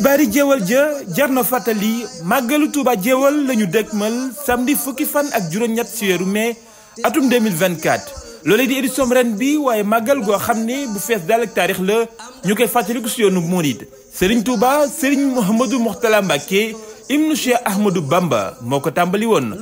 Tisbaari jéewal ja jar na fàttali màggalu Touba jéewal la ñu dëgmal samedi fukki fan ak juróom-ñett si weeru mai atum 2024 loolee di édition ren bi waaye màggal goo xam ne bu fees daal ak taarix la ñu koy fàttaliku si yoonu Mouride Serigne Touba Serigne Mouhamadou Mourtala Mbacké Ibnu Cheikh Ahmadou Bamba moo ko tàmbali woon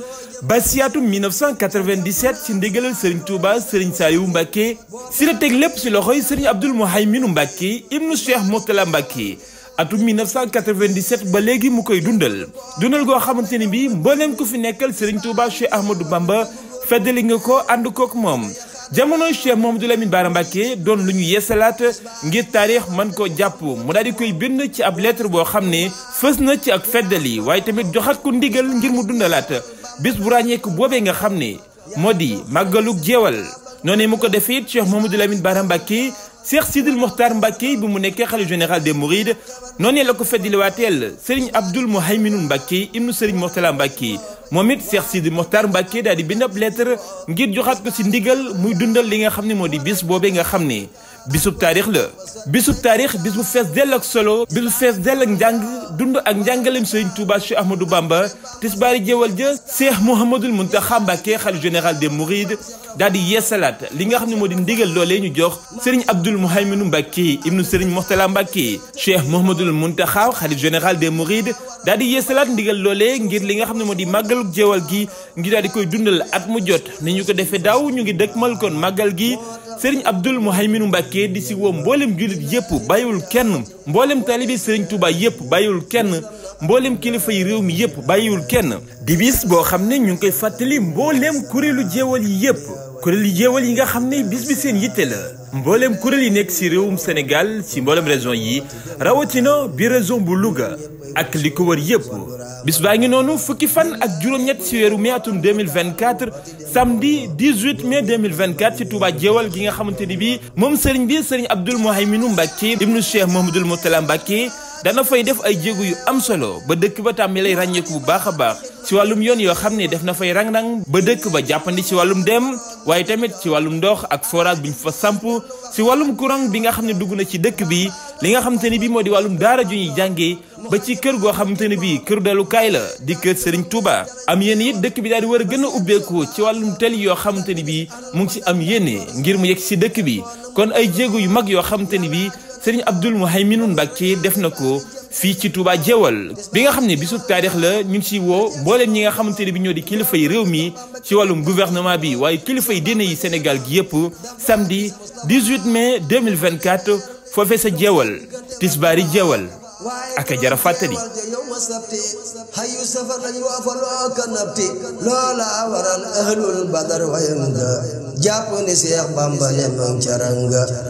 ba si atum 1997 ci ndigalal Serigne Touba Serigne Saliou Mbacké si la teg lépp si loxoy Serigne Abdoul Mouhayminu Mbacké Ibnu Cheikh Mourtala Mbacké atum 1997 ba léegi mu koy dundal dundal goo xamante ni bii mbooleem ku fi nekkal Serigne Touba Cheikh Ahmadou Bamba feddali nga ko ànd kook moom. jamono jamonoy Cheikh Mamadou Lamine Bara Mbacké doon lu ñu yeesalaat ngir taarix mën koo jàpp mu daal di koy bind ci ab lettre boo xam ne fës na ci ak feddali waaye tamit joxat ko ndigal ngir mu dundalaat bis bu ràññeeku boobee nga xam ne moo di màggalug jeewal. noné moko defit Cheikh Mamadou Lamine baram bakki Cheikh Sidil mohtar mbakki bi mu nekké xalifa général des Mourides noné lako fedil watel Serigne Abdoul Mouhayminul mbakki ibnu Serigne mohtala mbakki momit Cheikh Sidil mohtar mbakki dadi di lettre ngir joxat ko ci ndigal muy dundal li nga xamni modi bis bobé nga xamni bisub tarikh le bisub tarikh bis fess del ak solo bis fess del ak njàng dund ak njàngaleem Serigne Touba Cheikh Ahmadou Bamba tisbari jewal je Cheikh Mouhamadoul muntakha mbakki xalifa général des Mourides daal di yeesalaat li nga xam ne moo di ndigal loolee ñu jox sëriñ Abdul Muhayminu Mbacke ibnu sëriñ Moxtala Mbacke Cheikh Mouhamadoul Mountakha xalif général des Mourides daal di yeesalaat ndigal loole ngir li nga xam ne moo di màggalu jeewal gi ngir daal di koy dundal at mu jot ni ñu ko defee daaw ñu ngi dëkkmal kon màggal gi sëriñ Abdul Muhayminu Mbacke di si woo mboolem jullit yëpp bàyyiwul kenn mboolem taalibi sëriñ Touba yëpp bàyyiwul kenn mbooleem kilifa yi réew mi yëpp bàyyiwul kenn di bis boo xam ne ñu ngi koy fàttali mboolem kuréelu jéewal yi yëpp kuréelu jéewal yi nga xam ne bis bi seen yitte la mbooleem kuréel yi nekk ci réewum Sénégal ci mbooleem région yi rawatina bi région bu Louga ak li ko wër yëpp bis baa ngi noonu fukki fan ak juróom-ñett ci weeru mai atum 2024 samedi 18 mai 2024 ci Touba Jéewal gi nga xamante ni bii moom sëriñ bi sëriñ Abdul Muhayminu Mbàkke ibnu Cheikh Mouhamadoul Moutala Mbàkke dana fay def ay jéego yu am solo ba dëkk ba tàmmi lay ràññeeku bu baax a baax ci wàllum yoon yoo xam ne def na fay rang-rang ba dëkk ba jàppandi ci wàllum dem waaye tamit ci wàllum ndox ak forage bi ñu fa samp ci wàllum courant bi nga xam ne dugg na ci dëkk bi li nga xamante ni bii moo di wàllum daara ju ñuy jàngee ba ci kër goo xamante ne bii kër dalukaay la di kër sëriñ Touba am yéen yit dëkk bi daal di war a gën a ubbeeku ci wàllum tali yoo xamante ni bii mu ngi ci am yéene ngir mu yegg ci dëkk bi yu mag yoo xamante ni bii sëriñ Abdul Muhayminu Mbàkke def na ko fii ci Touba Jéewal bi nga xam ne bisub taarix la ñu ngi ciy woo mbooleem ñi nga xamante ne bi ñoo di kilifa yi réew mi ci wàllum gouvernement bi waaye kilifa yi diine yi Sénégal gi yëpp samedi 18 mai 2024 foofe sa Jéewal tisbaari Jéewal ak a jara fàttali hayu safar lañu waa fa loo ka nabti loola jàpp ni Seex Bamba ne moom caranga